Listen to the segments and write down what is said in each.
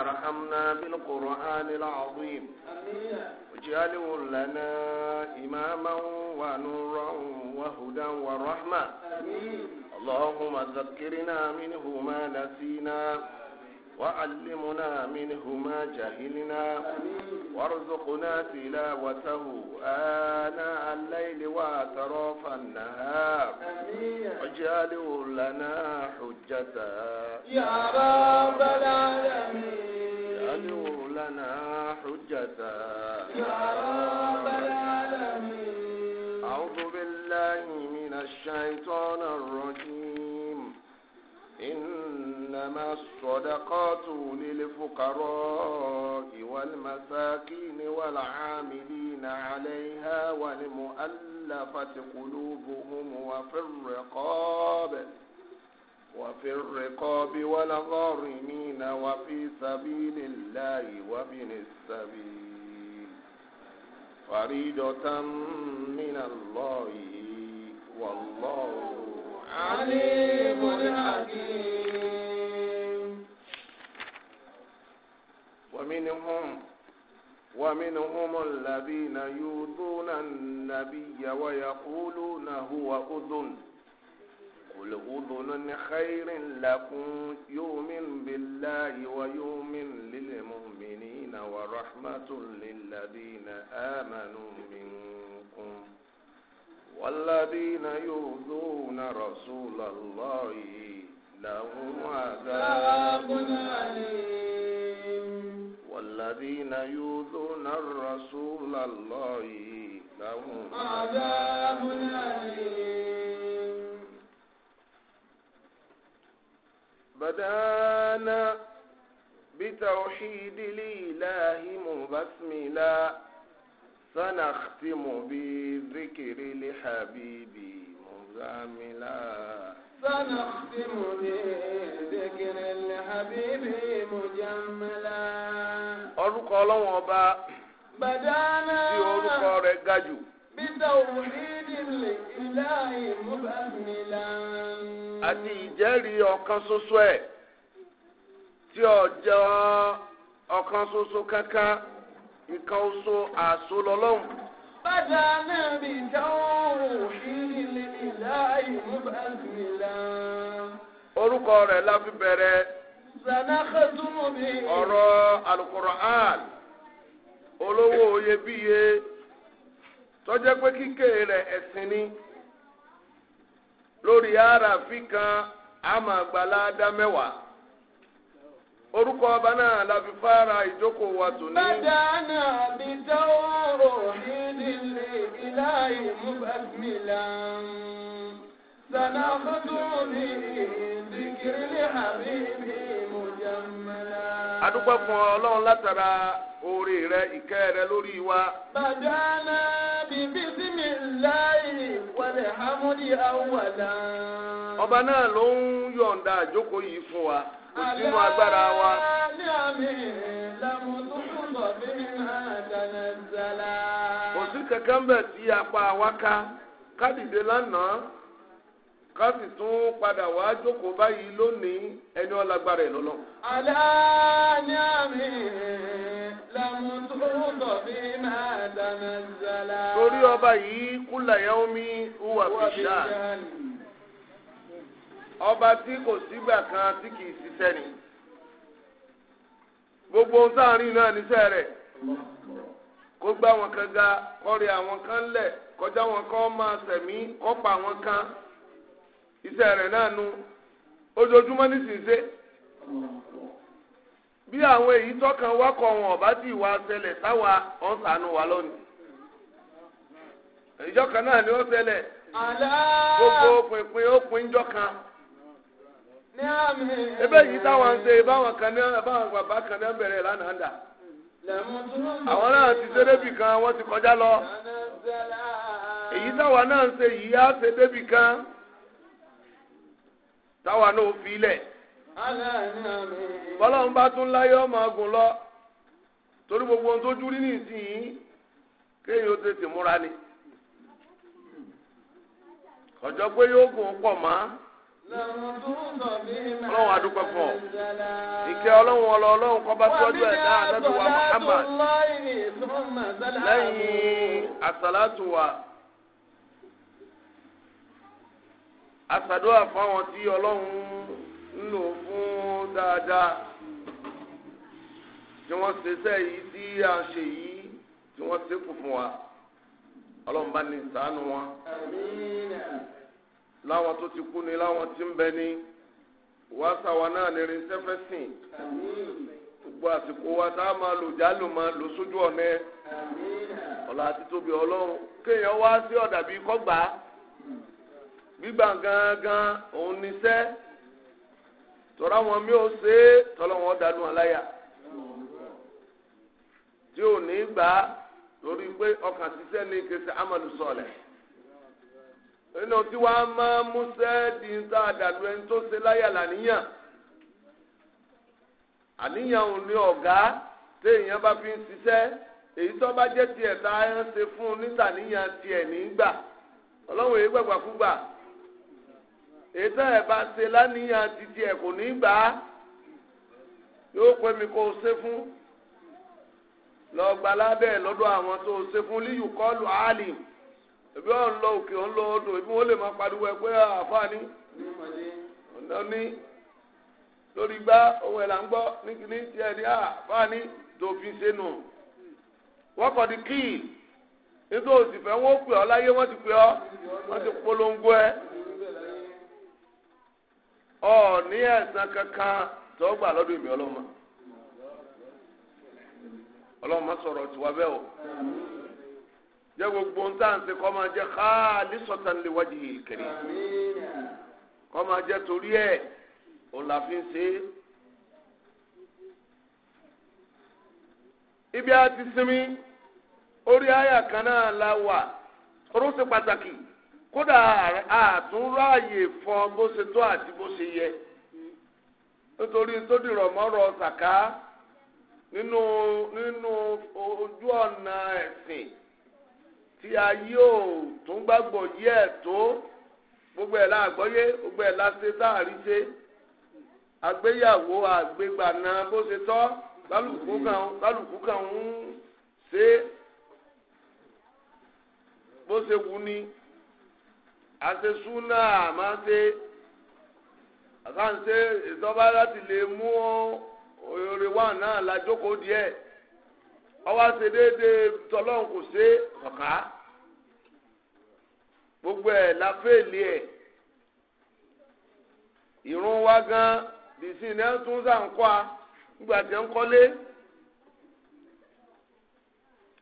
ارحمنا بالقرآن العظيم واجعله لنا إماما ونورا وهدى ورحمة اللهم ذكرنا منه ما نسينا وعلمنا منه ما جهلنا وارزقنا تلاوته آناء الليل وأطراف النهار واجعله لنا حجة يا رب العالمين اجعله لنا حجة يا رب العالمين أعوذ بالله من الشيطان الرجيم إنما الصدقات للفقراء والمساكين والعاملين عليها والمؤلفة قلوبهم وفي الرقاب وفي الرقاب والغارمين وفي سبيل الله وابن السبيل فريدة من الله والله عليم حكيم ومنهم ومنهم الذين يؤذون النبي ويقولون هو أذن قل أذن خير لكم يؤمن بالله ويؤمن للمؤمنين ورحمة للذين آمنوا منكم والذين يؤذون رسول الله لهم عذاب أليم الذين يؤذون الرسول الله لهم عذاب أليم بدأنا بتوحيد الإله مبسملا سنختم بذكر لحبيبي مزاملا سنختم بذكر الحبيب مجملا orúkọ ọlọ́wọ́n ọba bàdánà tí orúkọ rẹ̀ ga jù. bitawhidi lillahi mubamilan. àti tí ọjọ́ ọ̀kan ṣoṣo kankan nǹkan oṣù àṣọ lọ́lọ́hùn. bàdánà bitawhidi orúkọ rẹ̀ la fi bẹ̀rẹ̀ olówó oyebíye tó pé kíké rẹ̀ ẹ̀sìn ni lórí àràfi kan àmàgbàládá mẹ́wàá orúkọ ọba náà la fi fara ìjókòó wa tòní. bàdà náà bí dáwọ́ rò ní ìdílé ìlà ìmúbàmílà. سناخذوني ذكر لحبيبي مجملا ọlọ́run látara oore rẹ ìkẹ́ rẹ lórí wa. bàdánà bíbí sí mi láì wọlé ọba náà ló ń yọ̀ǹda yìí fún wa kò sínú agbára wa. àmì bọ̀ bí dáná kò sí kankan bẹ̀ tí apá wa ká kádìdé lánàá. ká tún padà wá jókòó báyìí lónìí ẹni wọn lágbára ẹ lọ́lọ́. aláàánú àmì lámùtúntò bí máa dáná zala. torí ọba yìí kúlà yẹn omi hùwà fìṣà ọba tí kò sígbà kan tí kì í ṣiṣẹ́ ni gbogbo sáàrin náà níṣẹ́ rẹ̀ kó gbá wọn kan ga kọ́rí àwọn kan lẹ̀ kọjá wọn kan máa sẹ̀mí kọ́pa àwọn kan. iṣẹ́ rẹ̀ náà nu ojoojúmọ́ nísinsìnyí bí àwọn èyí tọkàn wá kọ wọn ọba tí ìwà ṣẹlẹ̀ sáwa ọ̀n sànù wà kan náà ni ó ṣẹlẹ̀ gbogbo pinpin ó pin jọ kan ebe yìí táwọn ń ṣe báwọn kan náà báwọn bàbá kan náà bẹ̀rẹ̀ lánàá dà àwọn náà ti ṣe kan wọ́n ti kọjá lọ èyí táwọn náà ń ṣe yìí á ṣe kan. táwa náà fi lẹ̀. bọ́lọ́run bá tún láyé ọmọ ọgùn lọ torí gbogbo ohun tó dúrí nísìnyí kéèyàn ó tètè múra ni. ọjọ́ pé yóò gùn pọ̀ mọ́ ọlọ́run adúpẹ́ fún ọ ìkẹ́ ọlọ́run ọlọ́ ọlọ́run kọ́ bá tọ́jú ẹ̀dá asàdúrà fáwọn tí ọlọ́run ń lò fún dáadáa tí wọ́n ṣe sẹ́ yìí tí a ṣe yìí tí wọ́n ṣe kù fún wa ọlọ́run bá ní ṣàánú wọn. láwọn tó ti kú ni láwọn tí ń bẹ ní wàásà wa náà ní irinṣẹ́ fẹ́ sìn gbogbo àsìkò wa tá a máa lò jálò máa lò sójú ọ̀nà ọ̀la àti tóbi ọlọ́run kéèyàn wá sí ọ̀dà kọ́gbàá. gbígbà gángan òun níṣẹ́ tọ́ra wọn mi ò ṣe é tọ́lọ́ wọn dánú aláyà tí ò ní gbà á lórí pé ọkàn ṣiṣẹ́ ní amadu sọ̀lẹ̀ nínú tí wàá máa múṣẹ́ di nta dàlú ẹni tó ṣe láyà làníyàn àníyàn ò ní ọ̀gá téèyàn bá fi ń ṣiṣẹ́ èyí tó bá jẹ́ tiẹ̀ tá a ń ṣe fún ètò ẹ̀ bá ṣe lánìyàn títí ẹ̀ kò ní gbà á yóò pẹ́ mi kó o ṣe fún lọ gba lábẹ́ lọ́dọ̀ àwọn tó o ṣe fún líyù kọ́ọ̀lù alim ẹbí wọn lọ òkè wọn lọ odò ẹbí wọn lè máa pariwo ẹgbẹ́ àfáàní ọ̀nà ní lórí gbá ohun ẹ̀ là ń gbọ́ ní kìíní tiẹ̀ ní àfáàní tó ṣe nù wọ́n kọ́ di kíì nítorí òsì fẹ́ wọ́n pè ọ́ láyé wọ́n ti pè ọ́ wọ́n ti polongo ẹ̀. ọ ní ẹ̀san kankan tó gbà lọ́dún ìmì ọlọ́mọ ọlọ́mọ sọ̀rọ̀ tiwa bẹ́ẹ̀ o jẹ́ gbogbo ń tàn sí kó máa jẹ́ khalisatan liwajhil karim kó máa jẹ́ torí ẹ̀ òun là fi ń ṣe é. ibi a ti sinmi orí àyà kan náà la wà ó sì pàtàkì. kódà àtúnráàyè fọ bó ṣe tó àti bó ṣe yẹ nítorí tó dìrọ̀ mọ́rọ̀ ṣàká nínú nínú ojú ọ̀nà ẹ̀sìn tí a yóò tún gbàgbọ́ yí ẹ̀ tó gbogbo ẹ̀ láàgbọ́yé gbogbo ẹ̀ láṣẹ sáàrí ṣe àgbéyàwó àgbégbàna bó ṣe tọ́ bálùkù kan bálùkù kan ń ṣe bó ṣe wù ni àti súnà máa ń ṣe àkànṣe ìtọ́ba láti lè mú oore wà náà la jókòó díẹ̀ ọwọ́ ṣe déédéé tọ́lọ́hún kò ṣe ọ̀ká gbogbo ẹ̀ la fèèlì ẹ̀ ìrún wa gan bìsí ní ẹ̀ tún sàǹkọ́ a nígbà tí ń kọ́lé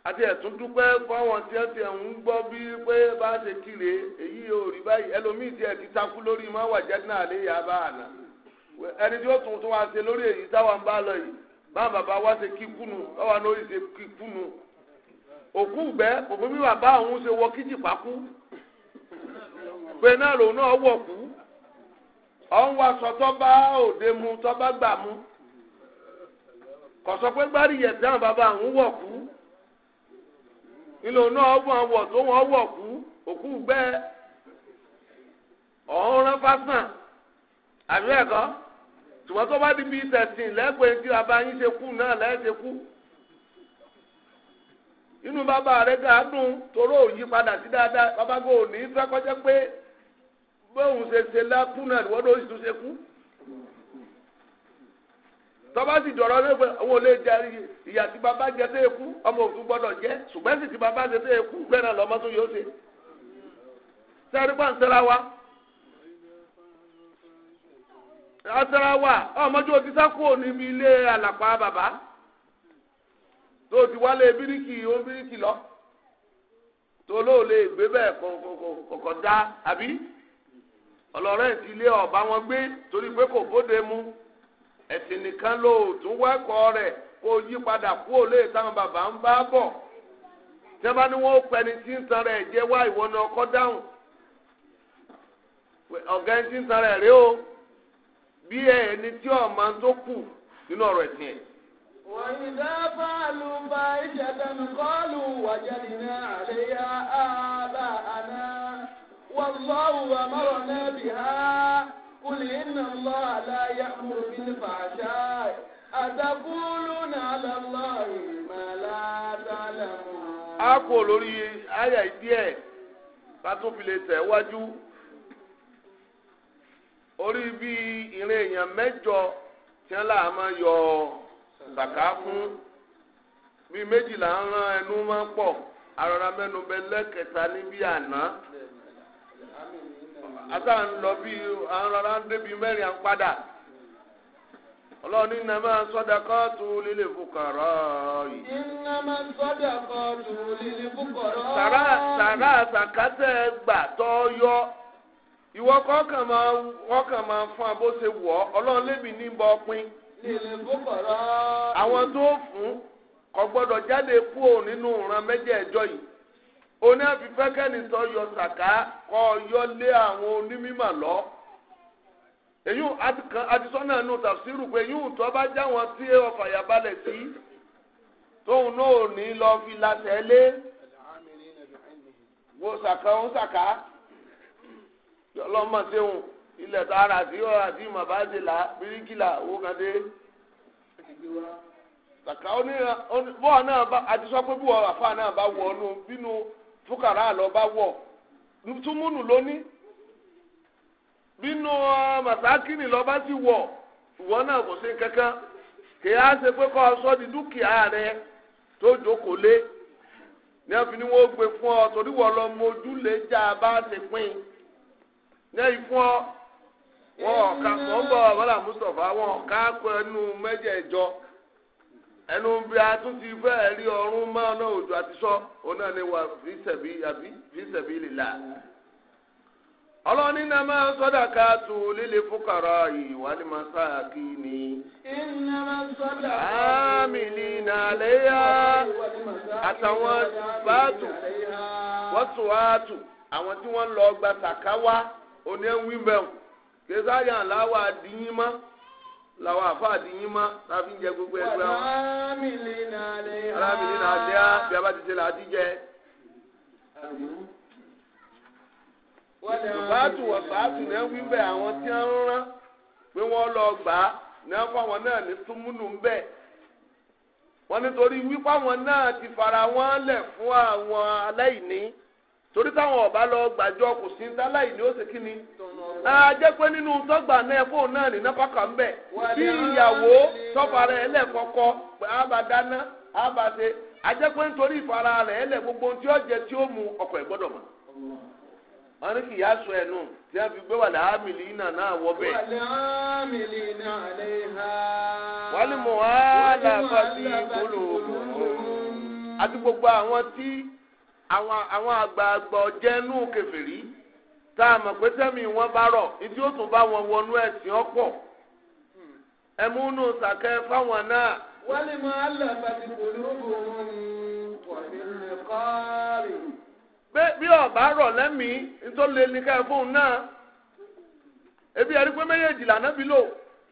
àti ẹ̀tún dúpẹ́ fáwọn tí ẹ ti ń gbọ́ bí pé bá ṣe kiri èyí ò rí báyìí ẹlòmíì tí ẹ ti takú lórí má wà jẹ́dínà àlẹ́ yà bá àná ẹni tí ó tún tún wá ṣe lórí èyí táwa ń bá lọ yìí bá bàbá wá ṣe kí kúnu báwa ní orí ṣe kí kúnu òkú gbẹ òkú bí bàbá òun ṣe wọ kíjì pákú pé náà náà wọ̀ kú ọ̀hún wa sọ tọ́ba òde mu tọ́ba gbà mu kọ̀sọ́ pé gbárí yẹ̀ ilé oná ọwọ́ àwọ̀ tó wọ́n wọ̀ kú òkú gbẹ́ ọ̀hún rán fásán àbí ẹ̀kọ́ tùmọ̀ tó bá di bíi tẹ̀sìn lẹ́gbẹ̀ẹ́ tí bàbá yín ṣe kú náà lẹ́ẹ̀ṣẹ̀ kú inú bàbá rẹ̀ gàdùn toró òyí padà sí dáadáa bàbá kò ní fẹ́ kọjá pé bóun ṣe ṣe lákú náà ìwọ́dọ̀ òṣìṣẹ́ kú tọ́ba sì dọ̀rọ̀ lẹ́gbẹ́ àwọn olè jẹ ìyá tí bàbá jẹ sí eku ọmọ òfin gbọ́dọ̀ jẹ ṣùgbọ́n sì tí bàbá jẹ sí eku gbẹ́nà lọ́mọ tó yóò ṣe. sẹ́rí pa ń sẹ́ra wa asẹ́ra wa ọmọdé òtí sákò níbi ilé àlàpà bàbá tó ti wálé bíríkì ó bíríkì lọ tó lóò lè gbé bẹ́ẹ̀ kọ̀ọ̀kan dá àbí ọlọ́rẹ́ ìdílé ọ̀bá wọn gbé torí pé kò bóde mu. ẹ̀sìn nìkan ló tún wẹ́kọ̀ọ́ rẹ kó yí padà kú òlé táwọn bàbá ń bá bọ tẹ́ bá ní wọ́n pẹni tí ń tan rẹ̀ jẹ́ wá ìwọ náà kọ́ dáhùn ọ̀gá ẹni tí ń tan rí o bí ẹni tí ọ̀ma tó kù nínú ọ̀rọ̀ ẹ̀sìn ẹ̀. وإذا فعلوا فاحشة قالوا وجدنا عليها آباءنا والله أمرنا بها قل إن الله لا يأمر بالفحشاء أتقولون على الله ما لا تعلمون a kò lórí àyà díẹ̀ ká tún fi orí bí ìrìn èèyàn mẹ́jọ tí wọ́n máa yọ bàkà fún bí méjìlá ń rán ẹnu máa ń pọ arọra mẹ́nu bẹ àná. àtà ń lọ bí àwọn ọ̀rọ̀ ń débi mẹ́rin à ń padà ọlọ́ọ̀ni nàmá sadaqatu lil fuqara yìí. nàmá sàrà sàrà gbà yọ ìwọ kọ́kàn máa kọ́kàn máa fún abó ṣe wọ̀ ọ́ ọlọ́run àwọn tó fún jáde kúrò nínú ìran oní àfifẹ́kẹ́ni sọ yọ sàká kọ́ yọ lé àwọn onímọ̀ lọ. èyí àtisọ́nà nù tàfsírù pé yóò tọ́ bá já wọn tí ọfà yàbalẹ̀ sí tóun náà ò ní lọ fi látẹ̀lé wo sàká ń sàká lọ́mọ sẹ́wọ̀n ilẹ̀ tó ara àti ọ̀rọ̀ àti màbáṣe là bíríkìlà owó kan dé sàká bọ́ọ̀ náà bá àtisọ́ pé bọ́ọ̀ àfa náà bá wọ̀ ọ́ nù bínú fúkàrà àlọ́ba wọ̀ túmúnù lóní bínú uh, màsákìnì lọ́ba sì wọ̀ ìwọ náà kò sí kankan kì á ṣe pé kọ́ sọ́ di dúkìá rẹ tó jókòó lé ní ẹ̀fín ni wọ́n gbé fún ọ torí wọ́n lọ mojúlé já a bá ti pín ní ẹ̀yìn fún ọ wọn ọ̀ka sọ́ńbọ̀ bọ́lá Mustapha wọn ọ̀ka pẹ̀lú mẹ́jẹ̀ẹ́jọ ẹnu bí a tún ti fẹ́ rí ọrún máa náà òjò àti sọ ọ̀nà ni wà fi sẹ̀bi àbí fi sẹ̀bi lìlà. ọlọ́ni náà máa sọ́dà ká tu líle fúkàrà ìwà ni máa sá kí ni. iná máa sọ́dà ámì ní nàlẹ́yà àtàwọn báàtù wọ́tùwàtù àwọn tí wọ́n lọ gba sàkáwá oní ẹ̀wí bẹ̀rù kí sáyà láwà dín yín mọ́ làwọn àfáàdì yín mọ́ tàbí ń jẹ gbogbo ẹgbẹ́ wọn. alámìlì náà lè á bí a bá ti ṣe làá ti jẹ. bàtù wọ̀ bàtù náà wí bẹ́ẹ̀ àwọn tí wọ́n rán pé wọ́n lọ gbà á náà fáwọn náà ní túmúnú ń bẹ̀. wọ́n nítorí wípé àwọn náà ti fara wọ́n lẹ̀ fún àwọn aláìní torí táwọn ọba lọ gbàjọ kò sí ní aláìní ó ṣe kí ni. ajẹ́ pé nínú tọ́gbà náà fóun náà ní nápákà ń bẹ̀ bí ìyàwó tọ́fà rẹ̀ abadana abase àbáṣe ajẹ́ pé nítorí ìfara rẹ̀ gbogbo tí ó jẹ tí ó mu ọkọ ẹ̀ gbọ́dọ̀ mọ̀ wọn ní kì í aṣọ ẹ̀ nù tí wọ́n fi gbé wà láà náà bẹ́ẹ̀. wà ní mọ̀ àti gbogbo àwọn tí àwọn àgbààgbà ọ̀jẹ̀ tá a mọ̀ pé tẹ́mi wọn bá rọ̀ ìdí ó tún bá wọn wọnú ẹ̀sìn ọ̀pọ̀ ẹ̀múnú sàkẹ́ fáwọn náà. wọ́n lè máa lẹ̀ pàtí polówó kọ́ọ̀rì. bí ọ̀bá rọ̀ lẹ́mìí nítorí lè ní káyọ̀ fóun náà ebi ẹni pé méjèèjì lànàbí lò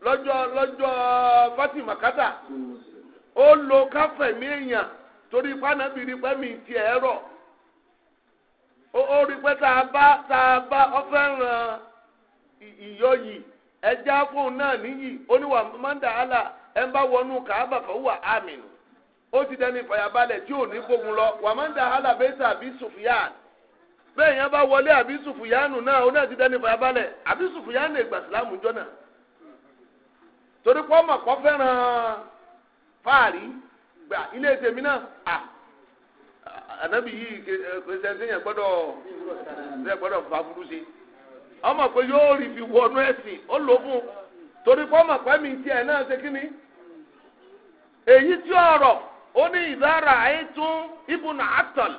lọ́jọ́ lọ́jọ́ Fatima kata ó lo káfẹ̀mí èèyàn torí fanabi rí pẹ́mi tiẹ̀ rọ̀. ó rí pé tá a bá tá a bá ọfẹ́ ràn ìyọ yìí ẹja fóun náà níyì oníwà mọ́ndà àlà ẹ ń bá wọnú kàábà fún wà ámìn ó ti dẹni ìfàyàbalẹ̀ tí ò ní gbógun lọ wà mọ́ndà àlà bẹ́ẹ̀ tà bí sùfìyàn bẹ́ẹ̀ yẹn bá wọlé àbí náà ó náà ti dẹni ìfàyàbalẹ̀ àbí sùfìyànù ìgbà sílámù jọ́nà torí kọ́ fẹ́ràn fáàrí gbà ilé náà à anabi yi pẹsẹntì yẹn gbọ́dọ̀ yẹn eh, gbọ́dọ̀ fa burú sí ọmọ pé yóò rí fi wọnú ẹsìn ó lò fún torí fọmọ pẹmí tiẹ̀ náà ṣe kíni èyí tí ọ̀rọ̀ ó ní ìdára ibùnà atọl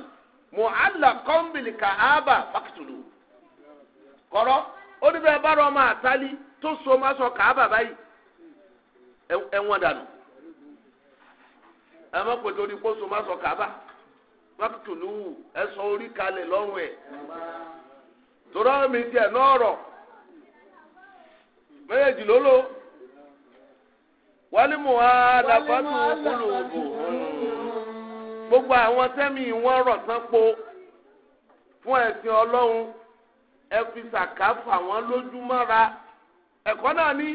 muhala kọmbìlì kàába fàkìtùlù kọrọ ó ní bẹ́ẹ̀ bá rọ ọmọ àtàlí tó so má sọ kàába báyìí ẹwọn dànù ẹ má pè so sọ kàába. wákìtùlù ẹsọ orí kalẹ̀ lọ́rùn ẹ̀ tòrọ mi tiẹ̀ n'ọ̀rọ̀ méjèèjì ló lò wálé mu àdàpọ̀tù kúlùbù gbogbo àwọn tẹ́mi wọn rọ̀ tán po fún ẹ̀sìn ọlọ́run ẹ fi sàká fà wọ́n lójúmọ́ra ẹ̀kọ́ náà ní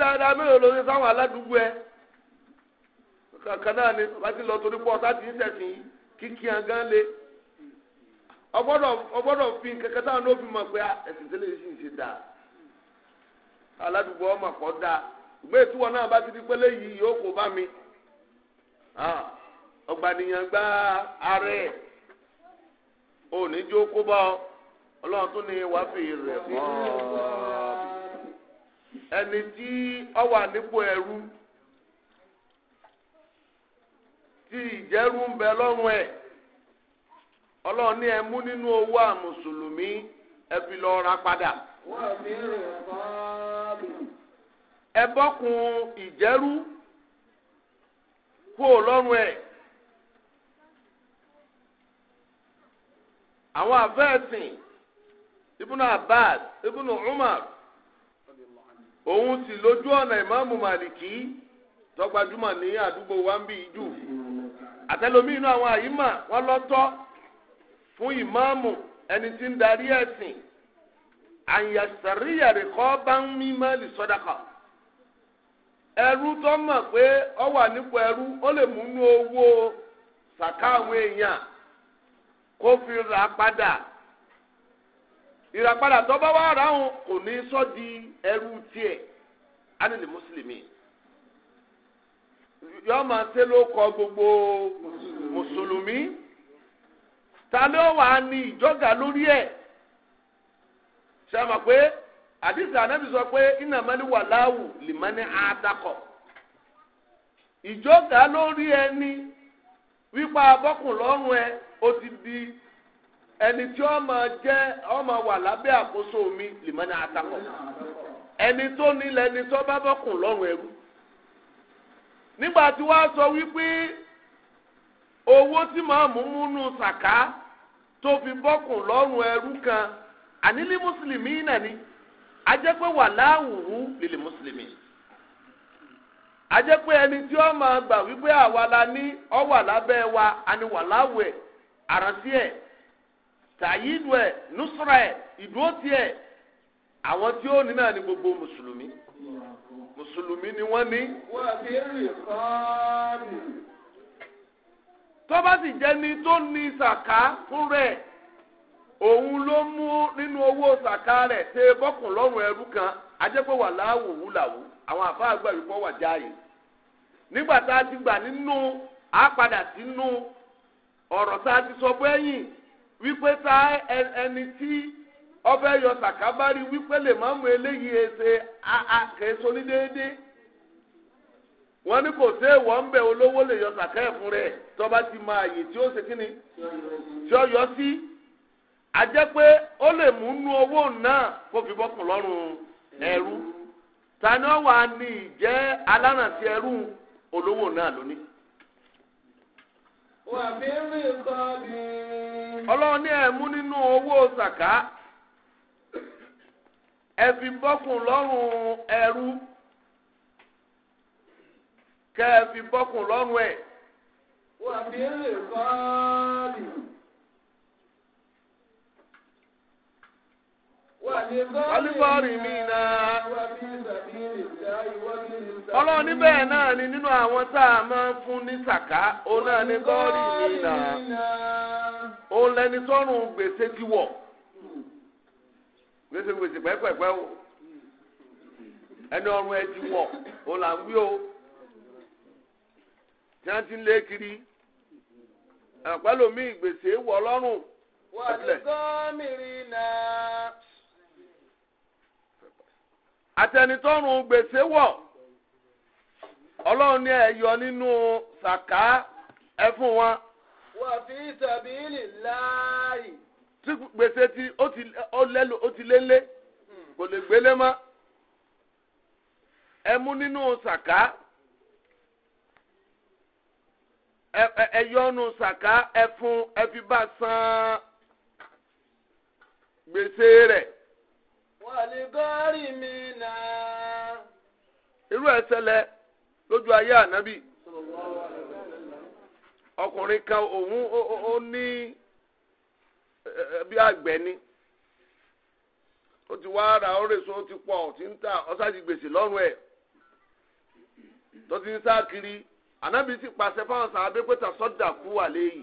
dáadáa mélòó ló ń sáwọn aládùúgbò ẹ̀. kankan náà ni bàbá ti lọ torí pọ̀ sáti ń yìí kíkí àgán le ọgbọ́dọ̀ fi kankan táwọn náà fi mọ̀ pé ah, ẹ̀sìn tẹ́lẹ̀ yìí sì ń ṣe dáa aládùúgbò ọmọ kọ́ dáa ìgbé ìtúwọ̀ náà bá ti di pélé yìí yóò kó bá mi ah, ọgbàdìyàn gba ara ẹ̀ jó kó bá ọ ọlọ́run tí ìjẹ́rú ń bẹ lọ́rùn ẹ̀ ọlọ́run ní ẹ mú nínú owó àmùsùlùmí ẹ lọ ra padà. ẹ bọ́kun ìjẹ́rú kó lọ́rùn ẹ̀. àwọn àfẹ́ẹ̀sìn ibùnú Abbas ibùnú Umar òun sì lójú ọ̀nà ìmáàmù Màlìkì tọ́gbàjúmọ̀ ní àdúgbò àtẹlómi inú àwọn àyímà wọn lọ́tọ̀ fún ìmáàmù ẹni tí ń darí ẹ̀sìn àyàsàríyàrí kọ́ bá ń mímọ́ lè sọ́dọ̀kà ẹrú tó mọ̀ pé ọ wà nípò ẹrú ó lè múnú owó sàká àwọn èèyàn kó fi ra padà ìràpadà tó bá wà ráhùn kò ní sọ́ di ẹrú tiẹ̀ ánìlè mùsùlùmí. yọọ ma ṣe ló kọ gbogbo mùsùlùmí ta ló wàá ní ìjọga lórí ẹ ṣe pé àdìsí sọ pé iná mẹ́ni wà láwù lìmẹ́ni àdàkọ̀ ìjọga lórí ẹni wípa abọ́kùn lọ́rùn ẹ ó ti di ẹni tí ó máa jẹ mi ẹni tó ẹni tó bá nígbà tí wàá sọ wípé owó tí màámù múnú sàká tó fi bọ́kùn lọ́rùn ẹrú kan ànílí mùsùlùmí náà ni ajẹ́pẹ́ wà láwùrú lílì mùsùlùmí ajẹ́pẹ́ ẹni tí ó máa gbà wípé àwa la ní ọ wà lábẹ́ wa àni wà láwù ẹ̀ àrántí ẹ̀ tàyídù ẹ̀ nùsùrà ìdúró tiẹ̀ àwọn tí ó ní náà ni gbogbo mùsùlùmí. mùsùlùmí ni wọ́n ní. wọ́n ti rí kọ́ọ̀dì. tó bá sì jẹ́ ni tó ní sàká fún rẹ̀ òun ló mú nínú owó sàká rẹ̀ ṣe bọ́kùn lọ́rùn ẹrú kan ajẹ́pẹ́ wà láwò wúlàwò àwọn àbá àgbà yìí kọ́ wà jáàyè. nígbà tá a ti gbà nínú àápadà sínú ọ̀rọ̀ tá a ti sọ bẹ́yìn wípé tá ẹni tí. ọbẹ̀ yọ sàkábárì wípé lè má mú eléyìí ẹsẹ̀ àkẹ́sọ a déédéé wọn ní kò sí èèwọ̀ ń olówó lè yọ sàká ẹ̀fún rẹ tọba ti máa yè tí ó ṣe kí ni tí ó yọ sí a pé ó lè mú nú owó náà kó fi bọ́kùn lọ́rùn ẹrú ni ìjẹ́ ẹrú olówó náà lónìí. wà á bí. ọlọ́run ní ẹbí bọ́kùn lọ́rùn ẹrú kẹ́ẹ̀bí bọ́kùn lọ́rùn wà á fi lè bọ́ọ̀lì. Alúbọ̀rì mi náà. Ọlọ́run níbẹ̀ náà ni nínú àwọn tá a máa ń fún ní sàká, òun náà ni bọ́ọ̀lì mi náà. Òun gbèsè gbèsè pẹpẹpẹ o ẹni ọrùn ẹtì wọ̀ o o tí ti ń lé kiri àpálòmí gbèsè wọ lọ́rùn. wà á náà. àtẹnitọ́rùn gbèsè wọ̀ ọlọ́run ní ẹ̀yọ nínú sàká ẹ̀fún wọn. tí gbèsè ti ó lẹ́lu ó ti lélẹ̀ kò lè gbélé mọ́ ẹ nínú sàká ẹ sàká ẹ fi bá san gbèsè rẹ̀. wàlẹ̀ gọ́rì mi irú lójú ayé ànábì ọkùnrin kan òun ó bí àgbẹ̀ ni ó ti wá ra ọ̀rẹ́sọ ó ti pọ̀ ó ti ń ta ọ̀sájì gbèsè lọ́rùn ẹ̀ tó ti ń sá kiri ànábì sì pàṣẹ fáwọn sàábé pé tàṣọ́dà kú wà léyìí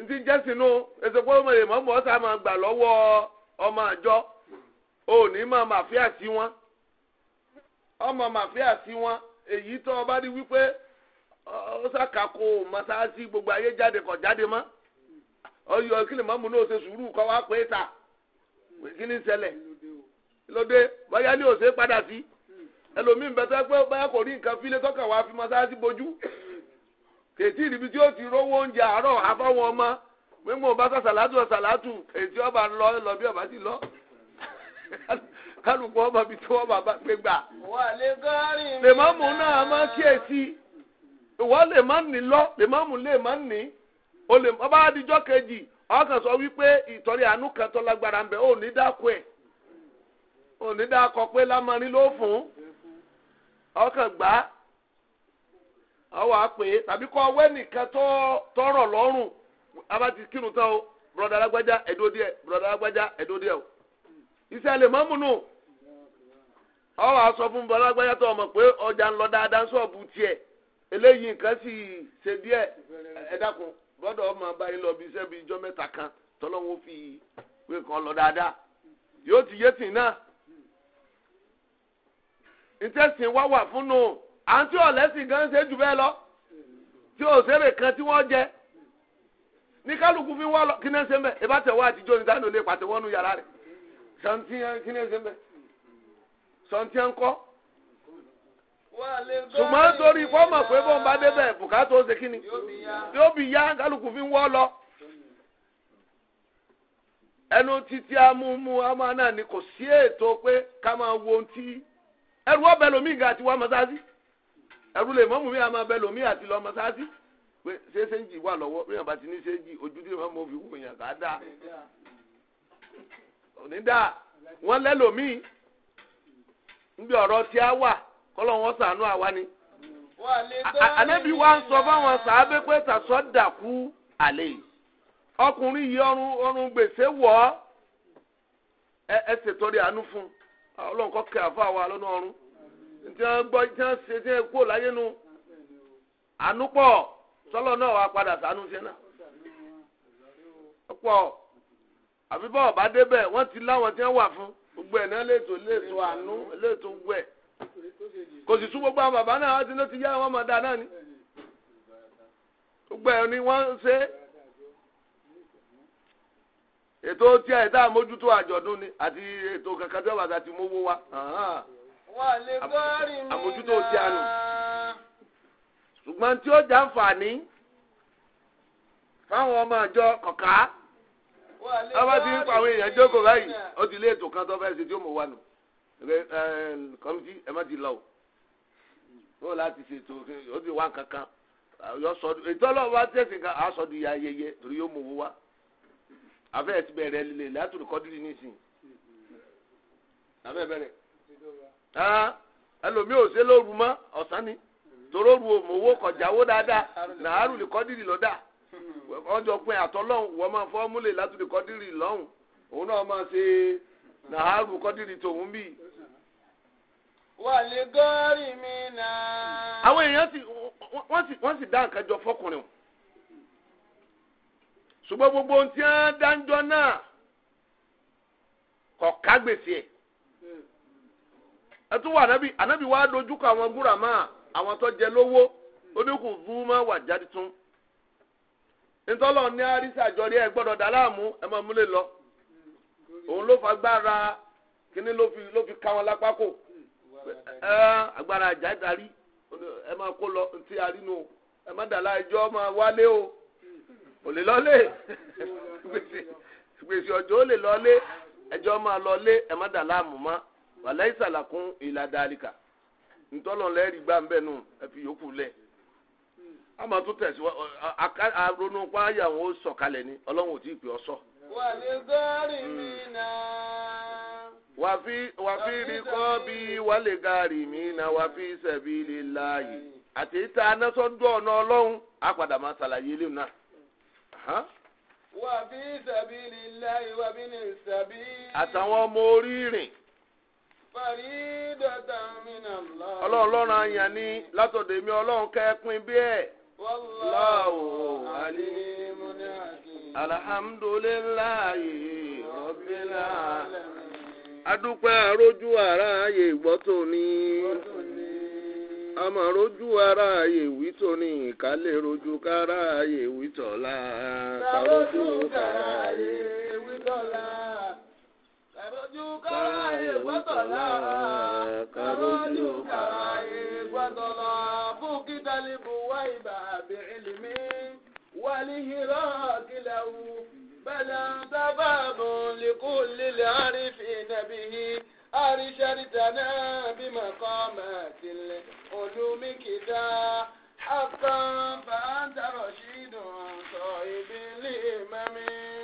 ntí jẹ́sìnú ezekwe omere mọ́mọ́ ọ̀sà máa gbà lọ́wọ́ ọmọ àjọ òní máa màfíà sí wọn ọmọ màfíà sí wọn èyí tó ọba rí wípé ó sàkàkọ mọ́sáàsì gbogbo ayé jáde kọ̀ jáde mọ́ ọyọ kí lè mọ́mú náà ṣe sùúrù kọ́ wá pé ta kí ni ṣẹlẹ̀ lóde báyá ni òṣè padà sí ẹlòmíì ń bẹ̀tẹ̀ pé báyà kò rí nǹkan fílé tọ́kà wá fi mọ́sáàsì bojú kètì níbi tí ó ti rówó oúnjẹ àárọ̀ afáwọn ọmọ mímú ọba sọ sàlátù ọ̀sàlátù ètí ọba lọ lọ bí ọba ti lọ kálukú ọba bíi tí wọn bá gbé gbà. lèmọ́mù náà máa kíyèsí ìwọ lè má nì lọ lèmọ́mù lè má nì í. o le ọba adijọ́ kejì ọkàn sọ wípé ìtọ́rí àánú kan tó lágbára ń bẹ ò ní dákú ẹ̀ ò ní dákọ pé lámọrin ló fún ọkàn gbà ọwọ́ àpè tàbí kọ́ tọrọ lọ́rùn abá ti kírun tán o bùrọ̀dá alágbájá ẹ̀dó díẹ̀ o iṣẹ́ lè mọ́ múnú ọwọ́ àsọ fún bọ́lá alágbájá tó ọmọ pé ọjà ń lọ dáadáa sọ̀bù tiẹ̀ eléyìí nǹkan bọ́dọ̀ ọmọ abáyé lọ bí iṣẹ́ bí ijọ́ kan tọlọwọ fi pé kan lọ dáadáa yóò ti yé tì náà ìtẹ̀sìn wá wà fún nù àǹtí ọ̀lẹ́sìn gan ṣe jù bẹ́ẹ̀ lọ tí òṣèré kan tí wọ́n jẹ ní kálukú fi wá lọ kí ní ṣe ṣùgbọ́n torí fọ́ọ̀mù pé bọ́n bá débẹ̀ bùkátà ó ṣe kí ni yóò bí yá kálukú fi ń wọ́ lọ. ẹnu títí amúmú ọmọ náà ni kò sí ètò pé ká máa wo ohun tí ẹrù ọbẹ̀ lomi ìgbà àti wá mọ́sáàsì lè lọ mọ́sáàsì pé ṣé ṣéǹjì wà lọ́wọ́ bí yàn bá ti ní ṣéǹjì ojú tí fi wù yàn kọ́lọ̀ wọn sànú àwa ni. ànábì wa ń sọ fáwọn sàábé pé tàṣọ dàkú àlè ọkùnrin yìí ọrùn ọrùn gbèsè ẹ ẹ ṣètọ́rí àánú fún ọlọ́run kọ́ kẹ́ lọ́nà ọ̀run tí wọ́n gbọ́ tí wọ́n ṣe tí wọ́n láyé nu àánú pọ̀ náà wàá padà sànú kò sì tún gbogbo àwọn bàbá náà àti náà ti yá àwọn ni gbogbo ni wọ́n ń ṣe ètò tí ẹ̀ tá a mójútó àjọ̀dún ni àti ètò kankan tí ti mówó wa àmójútó tí a nù ṣùgbọ́n tí ó jà ń fà ní fáwọn ọmọ àjọ kọ̀ọ̀ká wọ́n bá ti ń pa àwọn èèyàn jókòó tí ó mọ̀ ẹ ẹ kọmitì ẹ ti lọ o láti ṣètò ó wá kankan yọ sọ ètò ọlọ́run wa tẹ̀sí kan á sọ di ayẹyẹ torí yóò mú owó wá afẹ́ ẹ̀sìn bẹ̀rẹ̀ lè látòrò kọ́dúrì nísìnyí afẹ́ bẹ̀rẹ̀ ẹlòmíì ò ṣe lóru mọ́ ọ̀sán ni toró ru kọjáwó dáadáa nàárù lè lọ́dà ọjọ́ pin wọ́n máa lọ́hùn òun náà máa ṣe nàárù tòun bíi. wàlígọ́rì mi náà. àwọn èèyàn sì wọ́n sì wọ́n sì dá nǹkan jọ fọkùnrin o ṣùgbọ́n gbogbo ohun tí wọ́n dáńjọ́ náà kọ̀ ká gbèsè ẹ̀ ẹ tún wà ànábì ànábì wàá dojúkọ àwọn gúràmà àwọn tó jẹ lówó oníkù vúmọ́ wà jáde tún nítọ́lọ́ ní àrísà àjọrí ẹ gbọ́dọ̀ dá láàmú ẹ máa múlẹ̀ lọ òun ló fagbára kíní ló fi ká wọn lápá kò. Eh, agbára ajá darí ẹ máa kó lọ ntí arínú ẹ má dàlá ẹjọ́ máa wálé o ò lè lọ́lé gbèsè ọjọ́ ò lè lọ́lé ẹjọ́ máa lọ́lé ẹ má dàlá àmùmá wàlẹ́ nù yòókù lẹ̀ sọ̀kalẹ̀ ni ọlọ́run ò tí ì pè ọ́ sọ. wà ní gọ́ọ̀rì mi náà. وفي وفي رقابي والغارمين وفي سبيل الله àti ìta anásọ́dún ọ̀nà ọlọ́run á padà máa ṣàlàyé ilé náà. wà bí sàbílì láì wà bí ní àtàwọn ọmọ orí rìn. dọ́tà mi nà lọ. ọlọ́run lọ́rùn àyàn ni látọ̀dọ̀ èmi ọlọ́run kẹ́ẹ́pin bí ẹ̀. wàláwò alimu ní àkè. alhamdulilayi adúpẹ́ arójú ara ààyè ìgbọ́ tòní àmọ́ rojú ara ààyè tóní. ìkálẹ̀ rojú kára wí tọ̀la. sàrójú rojú ààyè wí tọ̀la. sàrójú kára ààyè wí tọ̀la. sàrójú kára ààyè wí tọ̀la. fún kíkálí wá ìbà àbí ìlìmí فعلا سباب لكل العارفين به أرشدتنا بمقامات العلوم كذا حقا فأنت رشيد صاحب الإمام